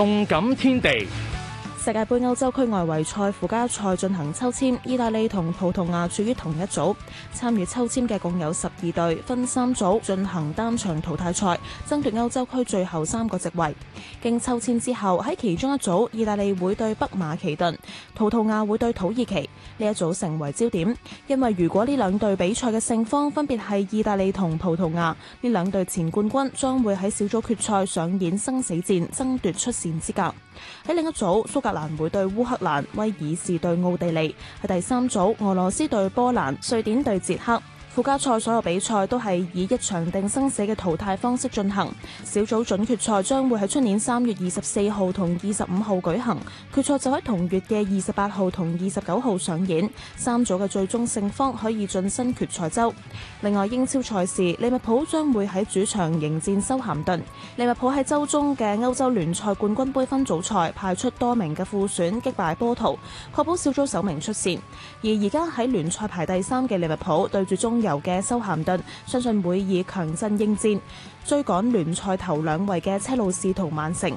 動感天地。世界盃歐洲區外圍賽附加賽進行抽籤，意大利同葡萄牙處於同一組。參與抽籤嘅共有十二隊，分三組進行單場淘汰賽，爭奪歐洲區最後三個席位。經抽籤之後，喺其中一組，意大利會對北馬其頓，葡萄牙會對土耳其。呢一組成為焦點，因為如果呢兩隊比賽嘅勝方分別係意大利同葡萄牙，呢兩隊前冠軍將會喺小組決賽上演生死戰，爭奪出線資格。喺另一組，荷蘭會對烏克蘭，威爾士對奧地利。係第三組，俄羅斯對波蘭，瑞典對捷克。附加賽所有比賽都係以一場定生死嘅淘汰方式進行，小組準決賽將會喺出年三月二十四號同二十五號舉行，決賽就喺同月嘅二十八號同二十九號上演。三組嘅最終勝方可以晉身決賽周。另外英超賽事，利物浦將會喺主場迎戰修咸頓。利物浦喺周中嘅歐洲聯賽冠軍杯分組賽派出多名嘅副選擊敗波圖，確保小組首名出線。而而家喺聯賽排第三嘅利物浦對住中中游嘅修咸頓相信會以強陣應戰，追趕聯賽頭兩位嘅車路士同曼城。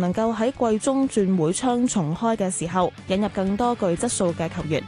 能夠喺季中轉會窗重開嘅時候，引入更多具質素嘅球員。